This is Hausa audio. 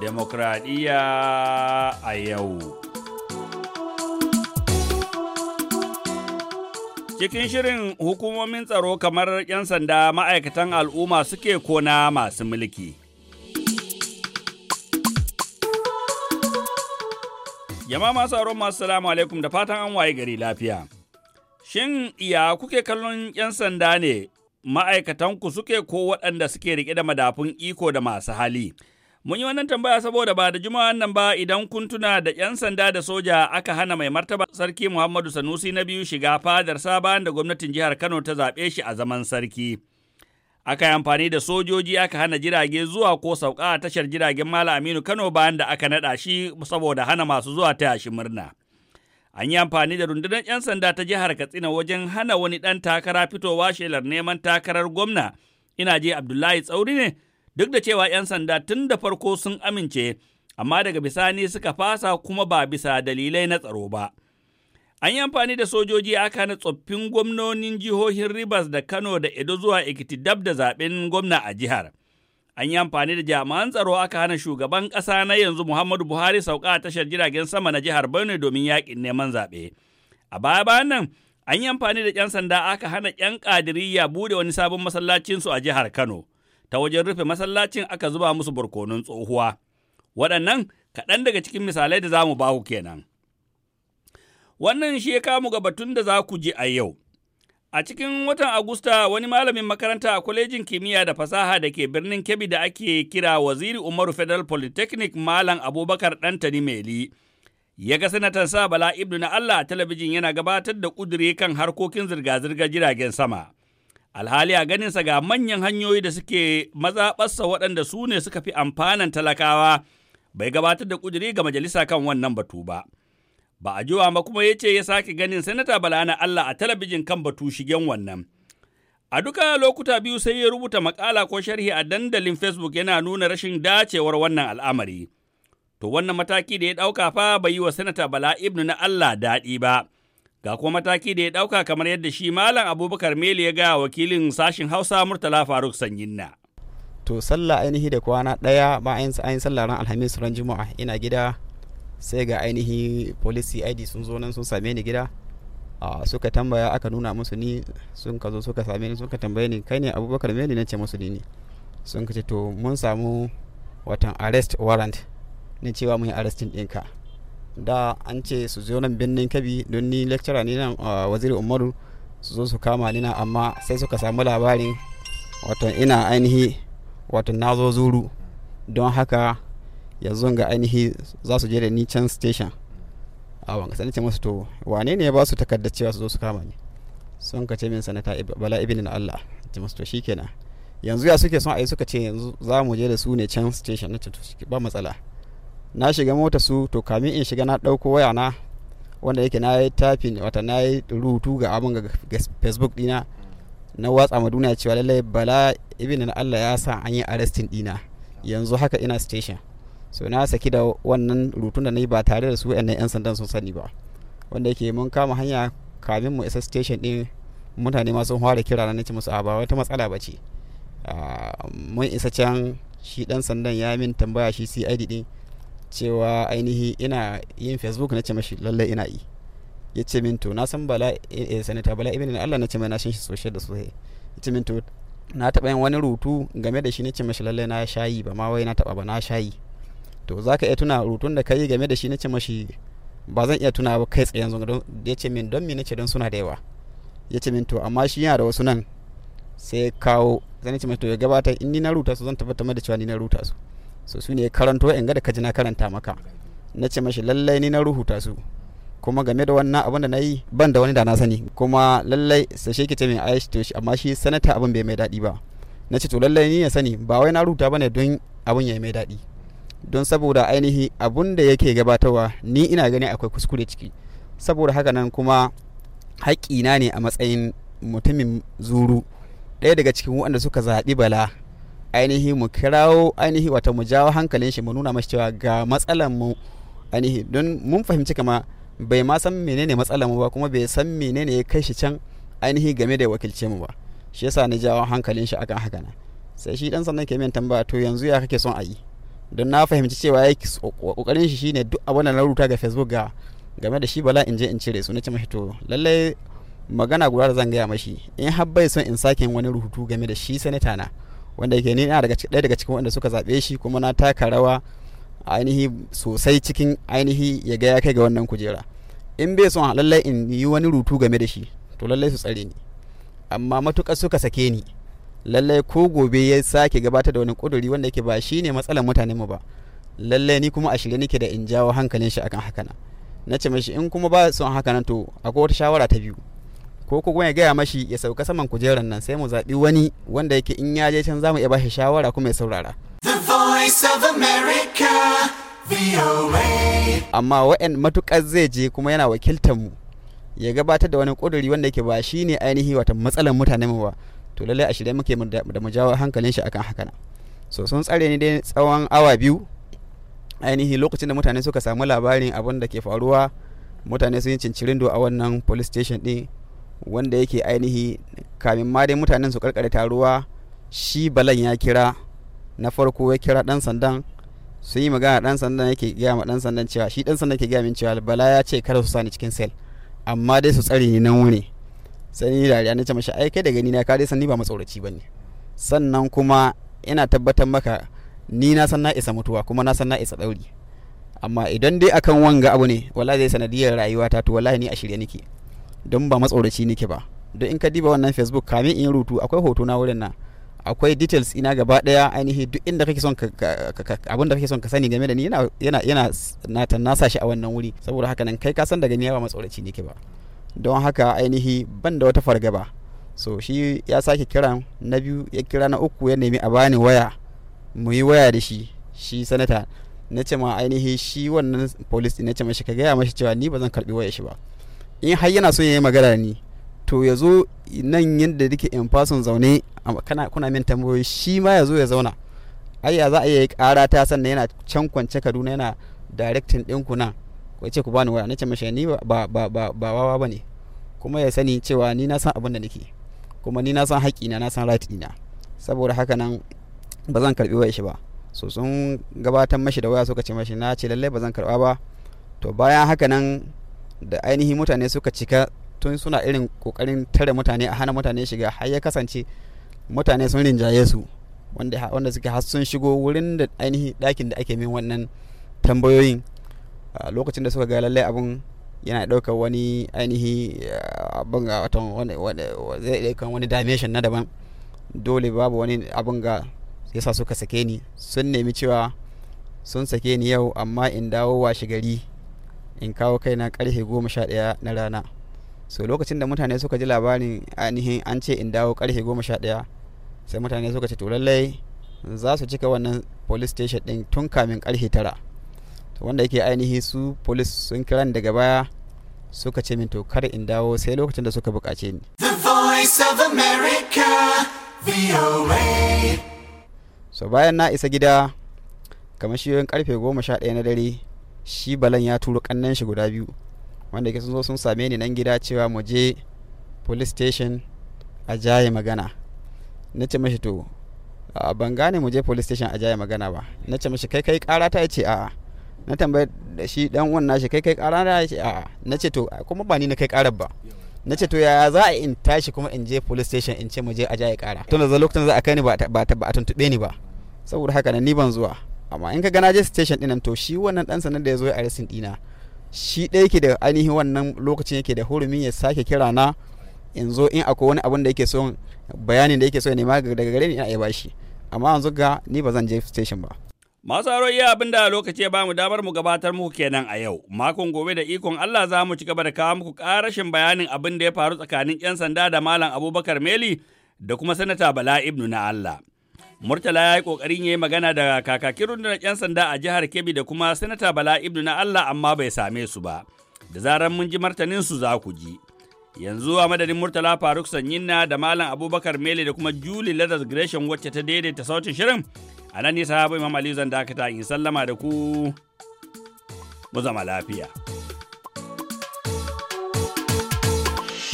demokradiyya a yau. Cikin shirin hukumomin tsaro kamar 'yan sanda ma'aikatan al'umma suke kona masu mulki. Yama masu auren masu salamu alaikum da fatan an waye gari lafiya. Shin iya kuke kallon 'yan sanda ne ma'aikatanku suke ko waɗanda suke riƙe da madafun iko da masu hali? Mun yi wannan tambaya saboda ba da juma'an nan ba idan kun tuna da 'yan sanda da soja aka hana mai martaba sarki Muhammadu Sanusi na biyu shiga fadar bayan da gwamnatin jihar Kano ta zaɓe shi a zaman sarki. Aka yi amfani da sojoji aka hana jirage zuwa ko sauka a tashar jiragen Malam Aminu Kano bayan da aka naɗa shi saboda hana masu zuwa ta yashi murna. An yi amfani da rundunar 'yan sanda ta jihar Katsina wajen hana wani ɗan takara fitowa shelar neman takarar gwamna. Ina je Abdullahi Tsauri ne duk da cewa 'yan sanda tun da farko sun amince, amma daga bisani suka fasa kuma ba bisa dalilai na tsaro ba. An yi amfani da sojoji aka na tsoffin gwamnonin jihohin Rivers da Kano da Edo zuwa Ekiti dab da zaɓen gwamna a jihar. An yi amfani da jami'an tsaro aka hana shugaban ƙasa na yanzu Muhammadu Buhari sauka a tashar jiragen sama na jihar Borno domin yaƙin neman zaɓe. A baya bayan nan, an yi amfani da 'yan sanda aka hana 'yan ƙadiriya bude wani sabon masallacinsu a jihar Kano. ta wajen rufe masallacin aka zuba musu barkonon tsohuwa. Waɗannan kaɗan daga cikin misalai da za mu ku kenan. Wannan shi ya kamu ga batun da za ku ji a yau. A cikin watan Agusta wani malamin makaranta a kwalejin kimiyya da fasaha da ke birnin Kebbi da ake kira waziri Umaru Federal Polytechnic Malam Abubakar Ɗantani Meli. Ya ga sanatan sa Bala Ibnu na Allah a talabijin yana gabatar da ƙudure kan harkokin zirga-zirgar jiragen sama. alhali a ganinsa ga manyan hanyoyi da suke mazaɓarsa waɗanda su ne suka fi amfanan talakawa bai gabatar da ƙudiri ga majalisa kan wannan batu ba. Ba a jiwa ma kuma ya ce ya sake ganin Sanata Bala na Allah a talabijin kan batu shigen wannan. A duka lokuta biyu sai ya rubuta makala ko sharhi a dandalin Facebook yana nuna rashin dacewar wannan al'amari. To wannan mataki da ya ɗauka fa bai yi wa Sanata Bala Ibnu na Allah daɗi ba. ga kuma mataki da ya ɗauka kamar yadda shi Malam Abubakar Meli ya ga wakilin sashin Hausa Murtala Faruk Sanyinna. To sallah ainihi da kwana ɗaya ba ainihin sallah ran Alhamis ran Juma'a ina gida sai ga ainihi police ID sun zo nan sun same ni gida suka tambaya aka nuna musu ni sun ka zo suka same ni suka tambaye ni kai ne Abubakar Meli na ce musu ni sun ka ce to mun samu watan arrest warrant ni cewa mun yi arrestin ɗinka. da an ce su zo nan birnin kabi don ni lecturer ne nan waziri umaru su zo su kama ni na amma sai suka samu labarin wato ina ainihi wato na zo zuru don haka yanzu ga ainihi za su je da ni can station a wanga sanin ce musu to wane ne ya ba su takardar cewa su zo su kama ni sun ka ce min sanata bala ibn allah ce musu to shikenan yanzu ya suke son a yi suka ce yanzu za mu je da su ne can station na ce to ba matsala na shiga mota su to kamin in shiga na ɗauko waya na wanda yake na yi tafin wata na yi rutu ga abin ga facebook dina na watsa ma duniya cewa lallai bala na allah ya sa an yi arrestin dina yanzu haka ina station so na saki da wannan rutun da na yi ba tare da su wa'annan 'yan sandan sun sani ba wanda yake mun kama hanya kamin mu isa station din mutane ma sun fara kira na nace musu ba wata matsala ba ce mun isa can shi dan sandan ya min tambaya shi cid din cewa ainihi ina yin facebook na ce mashi lallai ina yi ya ce min to na san bala eh, eh sanata bala ibn Allah na ce mai na shi soshe da sosai ya ce min na taɓa yin wani rutu game da shi na ce mashi lallai na shayi ba ma wai na taɓa ba na shayi to za ka iya tuna rutun da ka yi game da shi na ce mashi ba zan iya tuna ba kai tsaye yanzu ya ce min don me na ce don suna da yawa ya ce min to amma shi yana da wasu nan sai kawo zan ce mashi to ya gabata in ni na ruta su zan tabbatar da cewa ni na ruta su so su ne karanto in ga da kaji na karanta maka na ce mashi lallai ni na rubuta su kuma game da wannan abin da na yi ban da wani da na sani kuma lallai sai shi kice mai aishi to amma shi sanata abin bai mai daɗi ba na ce to lallai ni ya sani ba wai na rubuta bane don abin ya mai daɗi don saboda ainihi abun da yake gabatarwa ni ina gani akwai kuskure ciki saboda haka nan kuma haƙƙina ne a matsayin mutumin zuru ɗaya daga cikin waɗanda suka zaɓi bala ainihi mu kirawo ainihi wata mu jawo hankalin shi mu nuna mashi cewa ga matsalan mu ainihi don mun fahimci kama bai ma san menene matsalan mu ba kuma bai san menene ya kai shi can ainihi game da wakilce mu ba shi yasa na jawo hankalin shi akan haka na sai shi dan sannan ke min tambaya to yanzu ya kake son a yi don na fahimci cewa ya kokarin shi shine duk abin da na rubuta ga facebook ga game da shi bala in je in cire su na ce mashi to lallai magana guda da zan gaya mashi in har bai son in sake wani rubutu game da shi sanata na wanda ke ni daga ɗaya daga cikin wanda suka zaɓe shi kuma na taka rawa ainihi sosai cikin ainihi ya ga ya kai ga wannan kujera in bai son lallai in yi wani rutu game da shi to lallai su tsare ni amma matuƙa suka sake ni lallai ko gobe ya sake gabatar da wani ƙuduri wanda yake ba shi ne matsalar mutanenmu ba lallai ni kuma a shirye nake da in jawo hankalin shi akan hakana na ce mashi in kuma ba son hakanan to akwai wata shawara ta biyu ko kuma ya gaya mashi ya sauka saman kujerar nan sai mu zaɓi wani wanda yake in ya je can zamu iya shi shawara kuma ya saurara. The Voice of America, Amma wa'yan matuƙar zai je kuma yana wakiltar mu ya gabatar da wani ƙuduri wanda yake ba shi ne ainihi wata matsalar mutane mu ba to lallai a shirye muke da mu jawo hankalin shi akan haka so sun tsare ni dai tsawon awa biyu ainihi lokacin da mutane suka samu labarin abin da ke faruwa mutane sun yi cincirindo a wannan police station din wanda yake ainihi kamin ma dai mutanen su karkare taruwa shi balan ya kira na farko ya kira dan sandan sun yi magana dan sandan yake gaya ma dan sandan cewa shi dan sandan ke gaya min cewa bala ya ce kada su sani cikin sel amma dai su tsare ni nan wuni sai ni da ni ce mashi ai kai da gani na ka dai san ni ba matsoraci bane sannan kuma ina tabbatar maka ni na san na isa mutuwa kuma na san na isa dauri amma idan dai akan wanga abu ne wallahi zai sanadiyar rayuwata to wallahi ni a shirye nake don ba matsoraci nake ba don in ka diba wannan facebook kamin in rutu akwai hoto na wurin nan akwai details ina gaba daya ainihi duk inda kake son abin da kake son ka sani game da ni yana yana na ta nasa shi a wannan wuri saboda haka nan kai ka san daga ni ba matsoraci nake ba don haka ainihi ban da wata fargaba so shi ya sake kira na biyu ya kira na uku ya nemi a bani waya mu yi waya da shi shi sanata na ce ma ainihi shi wannan police na ce mashi ka gaya mashi cewa ni ba zan karbi waya shi ba in har yana son yi magana ni to ya zo nan yadda nake in fason zaune kana kuna min tambayoyi shi ma ya zo ya zauna ai ya za a yi kara ta sannan yana can kwance Kaduna yana directing ɗin ku nan ko ce ku bani waya nace mashi ni ba ba ba ba wawa bane kuma ya sani cewa ni na san abin da nake kuma ni na san haƙi na san right na saboda haka nan ba zan karɓi waya shi ba so sun gabatar mashi da waya suka ce mashi na ce lallai ba zan karɓa ba to bayan haka nan da ainihi mutane suka cika tun suna irin kokarin tare mutane a hana mutane shiga har ya kasance mutane sun rinjaye su wanda wanda suke har sun shigo wurin da ainihi ɗakin da ake min wannan tambayoyin lokacin da suka ga lallai abun yana daukar wani ainihi eh, abun ga wani ɗaukar wani dimension na daban dole babu wani abun ga yasa suka sake ni sun nemi cewa sun sake ni yau amma in dawo washe gari in kawo kaina karfe goma sha ɗaya na rana so lokacin da mutane suka ji labarin ainihin an ce in dawo karfe goma sha ɗaya sai mutane suka ce to lallai za su cika wannan police station ɗin tun kamin karfe tara wanda yake ainihi su police sun kira daga baya suka ce min to kar in dawo sai lokacin da suka buƙace ni The Voice of America VOA So bayan na isa gida kamar shiyoyin karfe goma sha ɗaya na dare shi balan ya turo kannan shi guda biyu wanda ke sun zo sun same ni nan gida cewa mu je police station a jaye magana na ce mashi to ban gane mu je police station a jaye magana ba na ce mashi kai kai kara ta ce a'a na tambaye da shi dan wanna shi kai kai kara ta ce a'a na ce to kuma ba ni na kai karar ba na ce to yaya za a in tashi kuma in je police station in ce mu je a jaye kara tun da lokacin za a kai ni ba a tuntube ni ba saboda haka na ni ban zuwa amma in ka gana je station dinan to shi wannan dan sanan da ya zo a arrestin dina shi ɗaya yake da ainihin wannan lokacin yake da hurumin ya sake kira na in zo in akwai wani abin da yake so bayani da yake so ya nema daga gare ni ina iya bashi amma yanzu ga ni ba zan je station ba Masu aro iya abin da lokaci ya bamu damar mu gabatar muku kenan a yau. Makon gobe da ikon Allah za mu ci gaba da kawo muku karashin bayanin abin da ya faru tsakanin 'yan sanda da Malam Abubakar Meli da kuma Sanata Bala Ibnu na Allah. Murtala ya yi ƙoƙarin ya yi magana da kakakin rundunar 'yan sanda a jihar Kebbi da kuma Sanata Bala Ibnu na Allah amma bai same su ba. Da zarar mun ji martanin su za ku ji. Yanzu a madadin Murtala Faruk Sanyinna da Malam Abubakar Mele da kuma Julie Ladas Gresham wacce ta daidaita sautin shirin. A nan ne sahabu Imam Aliyu zan dakata in sallama da ku mu zama lafiya.